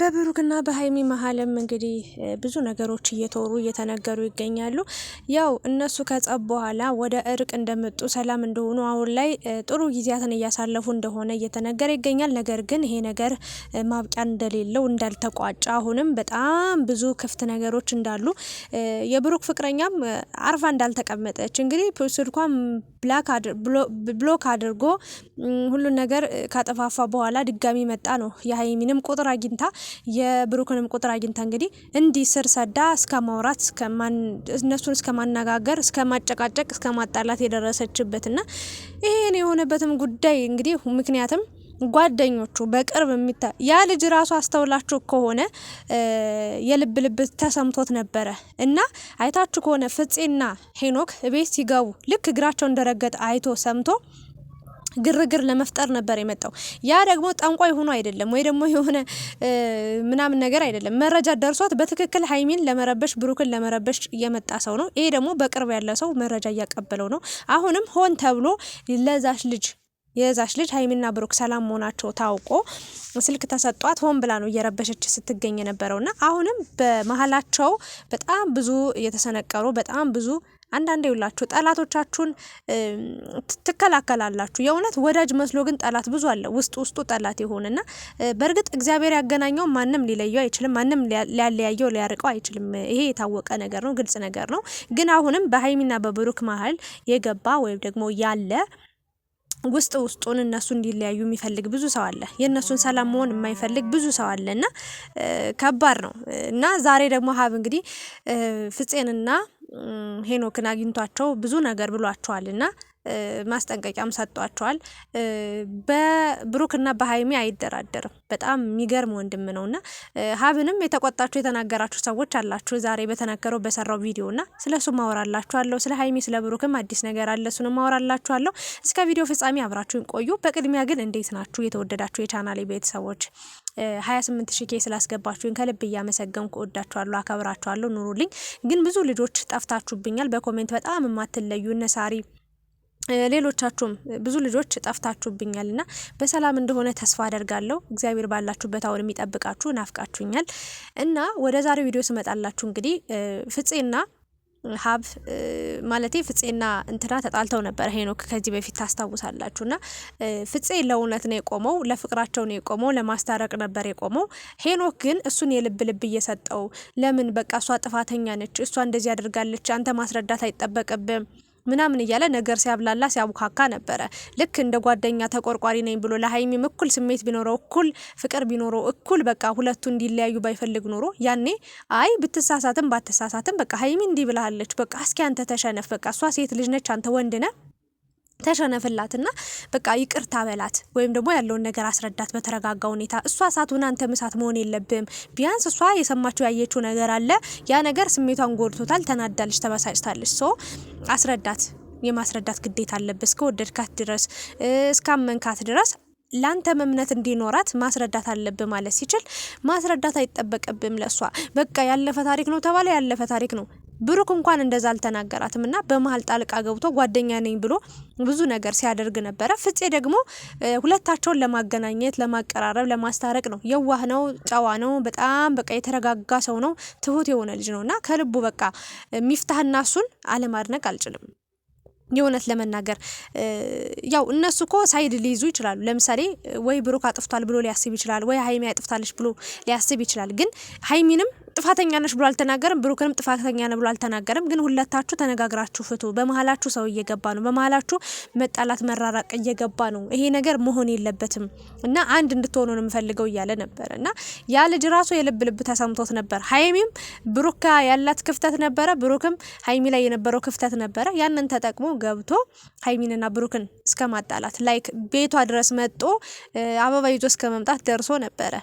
በብሩክና በሀይሚ መሀልም እንግዲህ ብዙ ነገሮች እየተወሩ እየተነገሩ ይገኛሉ። ያው እነሱ ከጸብ በኋላ ወደ እርቅ እንደመጡ ሰላም እንደሆኑ አሁን ላይ ጥሩ ጊዜያትን እያሳለፉ እንደሆነ እየተነገረ ይገኛል። ነገር ግን ይሄ ነገር ማብቂያ እንደሌለው እንዳልተቋጨ፣ አሁንም በጣም ብዙ ክፍት ነገሮች እንዳሉ የብሩክ ፍቅረኛም አርፋ እንዳልተቀመጠች እንግዲህ ስልኳን ብሎክ አድርጎ ሁሉን ነገር ካጠፋፋ በኋላ ድጋሚ መጣ ነው የሀይሚንም ቁጥር አግኝታ የብሩክንም ቁጥር አግኝታ እንግዲህ እንዲህ ስር ሰዳ እስከ ማውራት እነሱን እስከ ማነጋገር እስከ ማጨቃጨቅ እስከ ማጣላት የደረሰችበትና ይሄን የሆነበትም ጉዳይ እንግዲህ ምክንያትም ጓደኞቹ በቅርብ የሚታ ያ ልጅ ራሱ አስተውላችሁ ከሆነ የልብ ልብ ተሰምቶት ነበረ እና አይታችሁ ከሆነ ፍጼና ሄኖክ ቤት ሲገቡ ልክ እግራቸው እንደረገጠ አይቶ ሰምቶ ግርግር ለመፍጠር ነበር የመጣው። ያ ደግሞ ጠንቋይ ሆኖ አይደለም ወይ ደግሞ የሆነ ምናምን ነገር አይደለም። መረጃ ደርሷት በትክክል ሀይሚን ለመረበሽ ብሩክን ለመረበሽ የመጣ ሰው ነው። ይሄ ደግሞ በቅርብ ያለ ሰው መረጃ እያቀበለው ነው። አሁንም ሆን ተብሎ ለዛች ልጅ የዛች ልጅ ሀይሚና ብሩክ ሰላም መሆናቸው ታውቆ ስልክ ተሰጧት ሆን ብላ ነው እየረበሸች ስትገኝ የነበረውና አሁንም በመሀላቸው በጣም ብዙ የተሰነቀሩ በጣም ብዙ አንዳንዴ ይውላችሁ ጠላቶቻችሁን ትከላከላላችሁ። የእውነት ወዳጅ መስሎ ግን ጠላት ብዙ አለ ውስጥ ውስጡ ጠላት የሆነና በእርግጥ እግዚአብሔር ያገናኘው ማንም ሊለየው አይችልም፣ ማንም ሊያለያየው ሊያርቀው አይችልም። ይሄ የታወቀ ነገር ነው፣ ግልጽ ነገር ነው። ግን አሁንም በሀይሚና በብሩክ መሀል የገባ ወይም ደግሞ ያለ ውስጥ ውስጡን እነሱ እንዲለያዩ የሚፈልግ ብዙ ሰው አለ። የእነሱን ሰላም መሆን የማይፈልግ ብዙ ሰው አለ እና ከባድ ነው እና ዛሬ ደግሞ ሀብ እንግዲህ ፍጼንና ሄኖክን አግኝቷቸው ብዙ ነገር ብሏቸዋል ና ማስጠንቀቂያም ሰጥቷቸዋል። በብሩክና በሀይሚ አይደራደርም። በጣም የሚገርም ወንድም ነው እና ሀብንም የተቆጣችሁ የተናገራችሁ ሰዎች አላችሁ። ዛሬ በተናገረው በሰራው ቪዲዮ እና ስለ እሱ ማወራላችኋለሁ። ስለ ሀይሚ ስለ ብሩክም አዲስ ነገር አለ፣ እሱንም ማወራላችኋለሁ። እስከ ቪዲዮ ፍጻሜ አብራችሁን ቆዩ። በቅድሚያ ግን እንዴት ናችሁ የተወደዳችሁ የቻናሌ ቤተሰቦች? 28 ሺ ኬ ስላስገባችሁኝ ከልብ እያመሰገንኩ እወዳችኋለሁ፣ አከብራችኋለሁ። ኑሩልኝ። ግን ብዙ ልጆች ጠፍታችሁብኛል በኮሜንት በጣም የማትለዩ እነ ሌሎቻችሁም ብዙ ልጆች ጠፍታችሁብኛል እና በሰላም እንደሆነ ተስፋ አደርጋለሁ። እግዚአብሔር ባላችሁበት አሁን የሚጠብቃችሁ ናፍቃችሁኛል። እና ወደ ዛሬው ቪዲዮ ስመጣላችሁ እንግዲህ ፍፄና ሀብ ማለቴ ፍፄና እንትና ተጣልተው ነበር። ሄኖክ ከዚህ በፊት ታስታውሳላችሁ። እና ፍፄ ለእውነት ነው የቆመው፣ ለፍቅራቸው ነው የቆመው፣ ለማስታረቅ ነበር የቆመው። ሄኖክ ግን እሱን የልብ ልብ እየሰጠው ለምን በቃ እሷ ጥፋተኛ ነች፣ እሷ እንደዚህ አድርጋለች፣ አንተ ማስረዳት አይጠበቅብም ምናምን እያለ ነገር ሲያብላላ ሲያቡካካ ነበረ። ልክ እንደ ጓደኛ ተቆርቋሪ ነኝ ብሎ ለሀይሚም እኩል ስሜት ቢኖረው እኩል ፍቅር ቢኖረው እኩል በቃ ሁለቱ እንዲለያዩ ባይፈልግ ኖሮ ያኔ አይ ብትሳሳትም ባትሳሳትም በቃ ሀይሚ እንዲህ ብላለች፣ በቃ እስኪ አንተ ተሸነፍ፣ በቃ እሷ ሴት ልጅ ነች፣ አንተ ወንድ ነህ ተሸነፍላትና በቃ ይቅርታ በላት ወይም ደግሞ ያለውን ነገር አስረዳት በተረጋጋ ሁኔታ። እሷ እሳቱን አንተም ምሳት መሆን የለብም። ቢያንስ እሷ የሰማችው ያየችው ነገር አለ። ያ ነገር ስሜቷን ጎድቶታል፣ ተናዳለች፣ ተበሳጭታለች። ሶ አስረዳት፣ የማስረዳት ግዴታ አለብ እስከ ወደድካት ድረስ እስካመንካት ድረስ ለአንተም እምነት እንዲኖራት ማስረዳት አለብ ማለት ሲችል ማስረዳት አይጠበቅብም ለእሷ። በቃ ያለፈ ታሪክ ነው ተባለ፣ ያለፈ ታሪክ ነው። ብሩክ እንኳን እንደዛ አልተናገራትም እና በመሀል ጣልቃ ገብቶ ጓደኛ ነኝ ብሎ ብዙ ነገር ሲያደርግ ነበረ። ፍፄ ደግሞ ሁለታቸውን ለማገናኘት፣ ለማቀራረብ፣ ለማስታረቅ ነው። የዋህ ነው፣ ጨዋ ነው፣ በጣም በቃ የተረጋጋ ሰው ነው። ትሁት የሆነ ልጅ ነው እና ከልቡ በቃ ሚፍታህና እሱን አለማድነቅ አልችልም። የእውነት ለመናገር ያው እነሱ እኮ ሳይድ ሊይዙ ይችላሉ። ለምሳሌ ወይ ብሩክ አጥፍቷል ብሎ ሊያስብ ይችላል፣ ወይ ሀይሚ አጥፍታለች ብሎ ሊያስብ ይችላል። ግን ሀይሚንም ጥፋተኛ ነሽ ብሎ አልተናገርም። ብሩክንም ጥፋተኛ ነህ ብሎ አልተናገርም። ግን ሁለታችሁ ተነጋግራችሁ ፍቱ። በመሀላችሁ ሰው እየገባ ነው። በመሀላችሁ መጣላት፣ መራራቅ እየገባ ነው። ይሄ ነገር መሆን የለበትም እና አንድ እንድትሆኑ ነው የምፈልገው እያለ ነበር እና ያ ልጅ ራሱ የልብ ልብ ተሰምቶት ነበር። ሀይሚም ብሩክ ያላት ክፍተት ነበረ፣ ብሩክም ሀይሚ ላይ የነበረው ክፍተት ነበረ። ያንን ተጠቅሞ ገብቶ ሀይሚንና ብሩክን እስከ ማጣላት ላይክ ቤቷ ድረስ መጦ አበባ ይዞ እስከ መምጣት ደርሶ ነበረ።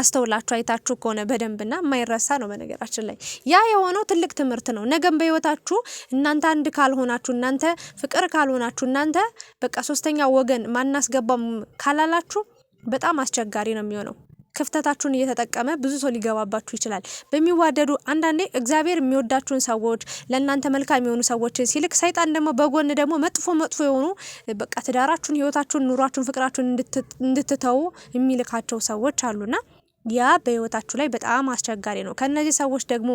አስተውላችሁ አይታችሁ ከሆነ በደንብና የማይረሳ ነው። በነገራችን ላይ ያ የሆነው ትልቅ ትምህርት ነው። ነገም በህይወታችሁ እናንተ አንድ ካልሆናችሁ፣ እናንተ ፍቅር ካልሆናችሁ፣ እናንተ በቃ ሶስተኛ ወገን ማናስገባም ካላላችሁ በጣም አስቸጋሪ ነው የሚሆነው። ክፍተታችሁን እየተጠቀመ ብዙ ሰው ሊገባባችሁ ይችላል። በሚዋደዱ አንዳንዴ እግዚአብሔር የሚወዳችሁን ሰዎች ለእናንተ መልካም የሆኑ ሰዎችን ሲልክ ሰይጣን ደግሞ በጎን ደግሞ መጥፎ መጥፎ የሆኑ በቃ ትዳራችሁን፣ ህይወታችሁን፣ ኑሯችሁን፣ ፍቅራችሁን እንድትተዉ የሚልካቸው ሰዎች አሉና ያ በህይወታችሁ ላይ በጣም አስቸጋሪ ነው። ከእነዚህ ሰዎች ደግሞ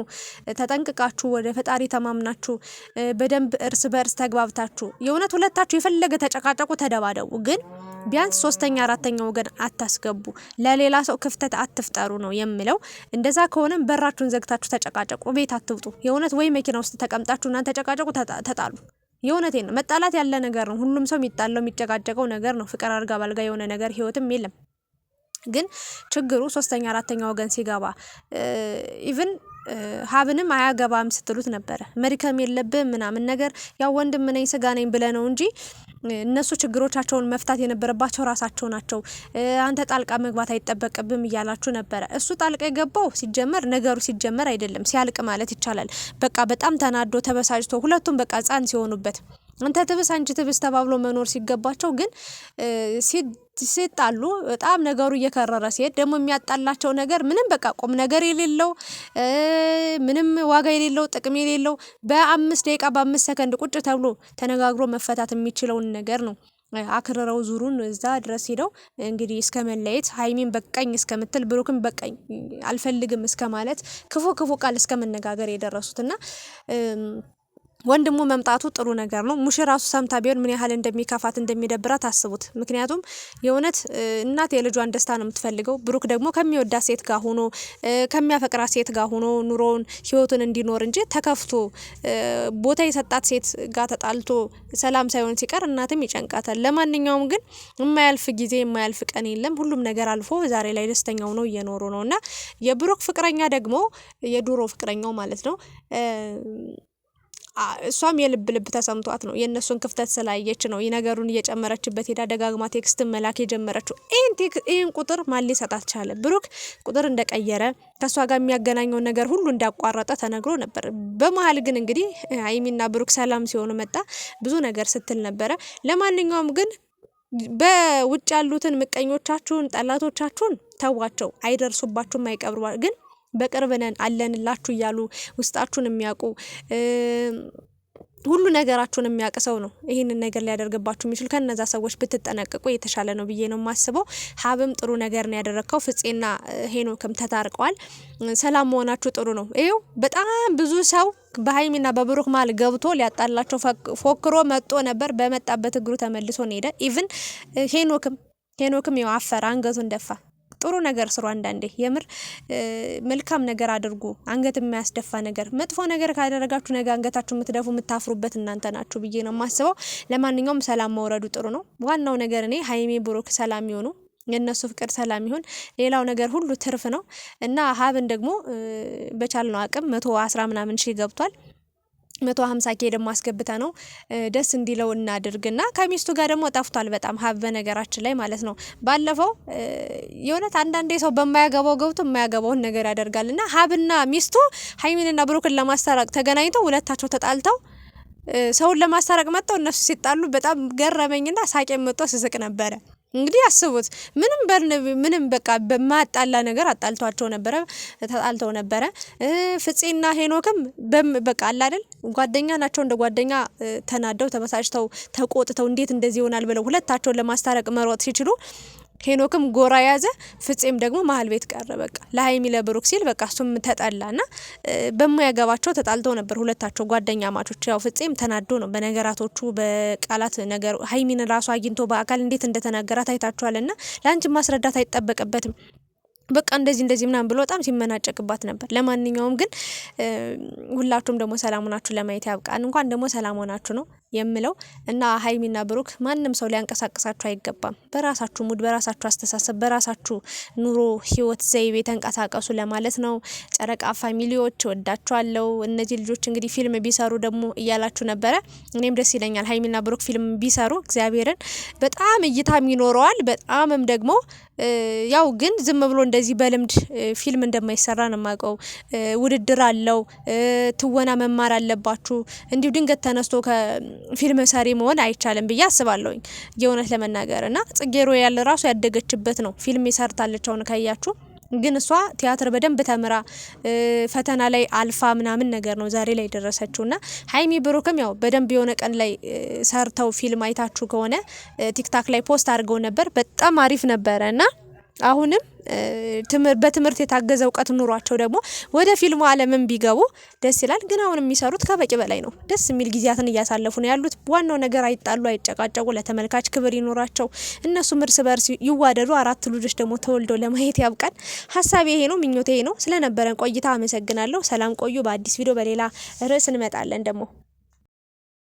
ተጠንቅቃችሁ ወደ ፈጣሪ ተማምናችሁ በደንብ እርስ በእርስ ተግባብታችሁ የእውነት ሁለታችሁ የፈለገ ተጨቃጨቁ፣ ተደባደቡ፣ ግን ቢያንስ ሶስተኛ አራተኛ ወገን አታስገቡ። ለሌላ ሰው ክፍተት አትፍጠሩ ነው የምለው። እንደዛ ከሆነም በራችሁን ዘግታችሁ ተጨቃጨቁ፣ ቤት አትውጡ። የእውነት ወይ መኪና ውስጥ ተቀምጣችሁ እናንተ ተጨቃጨቁ፣ ተጣሉ። የእውነቴ ነው። መጣላት ያለ ነገር ነው። ሁሉም ሰው የሚጣለው የሚጨቃጨቀው ነገር ነው። ፍቅር አልጋ ባልጋ የሆነ ነገር ህይወትም የለም። ግን ችግሩ ሶስተኛ አራተኛ ወገን ሲገባ ኢቭን ሀብንም አያገባም ስትሉት ነበረ። መድከም የለብም ምናምን ነገር ያው ወንድም ነኝ ስጋ ነኝ ብለ ነው እንጂ እነሱ ችግሮቻቸውን መፍታት የነበረባቸው ራሳቸው ናቸው። አንተ ጣልቃ መግባት አይጠበቅብም እያላችሁ ነበረ። እሱ ጣልቃ የገባው ሲጀመር ነገሩ ሲጀመር አይደለም ሲያልቅ ማለት ይቻላል። በቃ በጣም ተናዶ ተበሳጭቶ ሁለቱም በቃ ህጻን ሲሆኑበት አንተ ትብስ አንቺ ትብስ ተባብሎ መኖር ሲገባቸው ግን ሲጣሉ በጣም ነገሩ እየከረረ ሲሄድ ደግሞ የሚያጣላቸው ነገር ምንም በቃ ቁም ነገር የሌለው ምንም ዋጋ የሌለው ጥቅም የሌለው በአምስት ደቂቃ በአምስት ሰከንድ ቁጭ ተብሎ ተነጋግሮ መፈታት የሚችለውን ነገር ነው አክርረው ዙሩን እዛ ድረስ ሄደው እንግዲህ እስከ መለየት ሀይሚን በቀኝ እስከምትል ብሩክን በቀኝ አልፈልግም እስከ ማለት ክፉ ክፉ ቃል እስከ መነጋገር የደረሱት እና ወንድሙ መምጣቱ ጥሩ ነገር ነው። ሙሽ ራሱ ሰምታ ቢሆን ምን ያህል እንደሚከፋት እንደሚደብራት አስቡት። ምክንያቱም የእውነት እናት የልጇን ደስታ ነው የምትፈልገው። ብሩክ ደግሞ ከሚወዳት ሴት ጋር ሆኖ ከሚያፈቅራት ሴት ጋር ሆኖ ኑሮውን ህይወቱን እንዲኖር እንጂ ተከፍቶ ቦታ የሰጣት ሴት ጋር ተጣልቶ ሰላም ሳይሆን ሲቀር እናትም ይጨንቃታል። ለማንኛውም ግን የማያልፍ ጊዜ የማያልፍ ቀን የለም። ሁሉም ነገር አልፎ ዛሬ ላይ ደስተኛው ነው እየኖሩ ነው እና የብሩክ ፍቅረኛ ደግሞ የዱሮ ፍቅረኛው ማለት ነው እሷም የልብ ልብ ተሰምቷት ነው የእነሱን ክፍተት ስላየች ነው ነገሩን እየጨመረችበት ሄዳ ደጋግማ ቴክስት መላክ የጀመረችው። ይህን ቁጥር ማን ሊሰጣት ቻለ? ብሩክ ቁጥር እንደቀየረ ከእሷ ጋር የሚያገናኘውን ነገር ሁሉ እንዳቋረጠ ተነግሮ ነበር። በመሀል ግን እንግዲህ አይሚና ብሩክ ሰላም ሲሆኑ መጣ ብዙ ነገር ስትል ነበረ። ለማንኛውም ግን በውጭ ያሉትን ምቀኞቻችሁን፣ ጠላቶቻችሁን ተዋቸው፣ አይደርሱባችሁም፣ አይቀብሯ ግን በቅርብ ነን አለንላችሁ እያሉ ውስጣችሁን የሚያውቁ ሁሉ ነገራችሁን የሚያውቅ ሰው ነው ይህንን ነገር ሊያደርግባችሁ የሚችል። ከነዛ ሰዎች ብትጠነቅቁ የተሻለ ነው ብዬ ነው የማስበው። ሀብም ጥሩ ነገር ነው ያደረግከው። ፍፄና ሄኖክም ተታርቀዋል። ሰላም መሆናችሁ ጥሩ ነው። ይኸው በጣም ብዙ ሰው በሀይሚና በብሩክ መሀል ገብቶ ሊያጣላቸው ፎክሮ መጦ ነበር። በመጣበት እግሩ ተመልሶ ሄደ። ኢቭን ሄኖክም ሄኖክም ያው አፈር አንገቱን ደፋ። ጥሩ ነገር ስሩ። አንዳንዴ የምር መልካም ነገር አድርጉ፣ አንገት የማያስደፋ ነገር። መጥፎ ነገር ካደረጋችሁ ነገ አንገታችሁ የምትደፉ የምታፍሩበት እናንተ ናችሁ ብዬ ነው የማስበው። ለማንኛውም ሰላም መውረዱ ጥሩ ነው። ዋናው ነገር እኔ ሀይሜ ብሩክ ሰላም ይሆኑ የእነሱ ፍቅር ሰላም ይሁን። ሌላው ነገር ሁሉ ትርፍ ነው እና ሀብን ደግሞ በቻልነው አቅም መቶ አስራ ምናምን ሺህ ገብቷል መቶ ሀምሳ ኬ ደግሞ አስገብተ ነው ደስ እንዲለው እናድርግና ከሚስቱ ጋር ደግሞ ጠፍቷል። በጣም ሀብ ነገራችን ላይ ማለት ነው። ባለፈው የእውነት አንዳንዴ ሰው በማያገባው ገብቶ የማያገባውን ነገር ያደርጋል። ና ሀብና ሚስቱ ሀይሚንና ብሩክን ለማስታረቅ ተገናኝተው ሁለታቸው ተጣልተው ሰውን ለማስታረቅ መጥተው እነሱ ሲጣሉ በጣም ገረመኝና ሳቄ መጥቶ ስስቅ ነበረ። እንግዲህ አስቡት። ምንም ምንም በቃ በማያጣላ ነገር አጣልቷቸው ነበረ ተጣልተው ነበረ። ፍፄና ሄኖክም በቃ አለ አይደል ጓደኛ ናቸው። እንደ ጓደኛ ተናደው ተበሳጭተው ተቆጥተው እንዴት እንደዚህ ይሆናል ብለው ሁለታቸውን ለማስታረቅ መሮጥ ሲችሉ ሄኖክም ጎራ ያዘ፣ ፍፄም ደግሞ መሀል ቤት ቀረ። በቃ ለሀይሚ ለብሩክ ሲል በቃ እሱም ተጠላ ና በማያገባቸው ተጣልተው ነበር ሁለታቸው ጓደኛ ማቾች። ያው ፍፄም ተናዶ ነው በነገራቶቹ በቃላት ነገር ሀይሚን ራሱ አግኝቶ በአካል እንዴት እንደተናገራት አይታችኋል። ና ለአንቺ ማስረዳት አይጠበቅበትም። በቃ እንደዚህ እንደዚህ ምናምን ብሎ በጣም ሲመናጨቅባት ነበር። ለማንኛውም ግን ሁላችሁም ደግሞ ሰላም ሆናችሁ ለማየት ያብቃን። እንኳን ደግሞ ሰላም ሆናችሁ ነው የምለው እና ሀይሚና ብሩክ ማንም ሰው ሊያንቀሳቅሳችሁ አይገባም። በራሳችሁ ሙድ፣ በራሳችሁ አስተሳሰብ፣ በራሳችሁ ኑሮ ህይወት ዘይቤ ተንቀሳቀሱ ለማለት ነው። ጨረቃ ፋሚሊዎች ወዳችኋለሁ። እነዚህ ልጆች እንግዲህ ፊልም ቢሰሩ ደግሞ እያላችሁ ነበረ። እኔም ደስ ይለኛል ሀይሚና ብሩክ ፊልም ቢሰሩ እግዚአብሔርን በጣም እይታም ይኖረዋል በጣምም ደግሞ ያው ግን ዝም ብሎ እንደዚህ በልምድ ፊልም እንደማይሰራ ነው የማውቀው። ውድድር አለው። ትወና መማር አለባችሁ እንዲሁ ድንገት ተነስቶ ከፊልም ሰሪ መሆን አይቻልም ብዬ አስባለሁኝ። የእውነት ለመናገር እና ጽጌሮ ያለ ራሱ ያደገችበት ነው ፊልም ይሰርታለች አሁን ካያችሁ ግን እሷ ቲያትር በደንብ ተምራ ፈተና ላይ አልፋ ምናምን ነገር ነው ዛሬ ላይ ደረሰችው። እና ሀይሚ ብሩክም ያው በደንብ የሆነ ቀን ላይ ሰርተው ፊልም አይታችሁ ከሆነ ቲክታክ ላይ ፖስት አድርገው ነበር። በጣም አሪፍ ነበረ እና አሁንም በትምህርት የታገዘ እውቀት ኑሯቸው ደግሞ ወደ ፊልሙ ዓለምን ቢገቡ ደስ ይላል። ግን አሁን የሚሰሩት ከበቂ በላይ ነው። ደስ የሚል ጊዜያትን እያሳለፉ ነው ያሉት። ዋናው ነገር አይጣሉ፣ አይጨቃጨቁ፣ ለተመልካች ክብር ይኖራቸው፣ እነሱም እርስ በርስ ይዋደዱ። አራት ልጆች ደግሞ ተወልደው ለማየት ያብቃን። ሀሳቤ ይሄ ነው፣ ምኞቴ ይሄ ነው። ስለነበረን ቆይታ አመሰግናለሁ። ሰላም ቆዩ። በአዲስ ቪዲዮ በሌላ ርዕስ እንመጣለን ደግሞ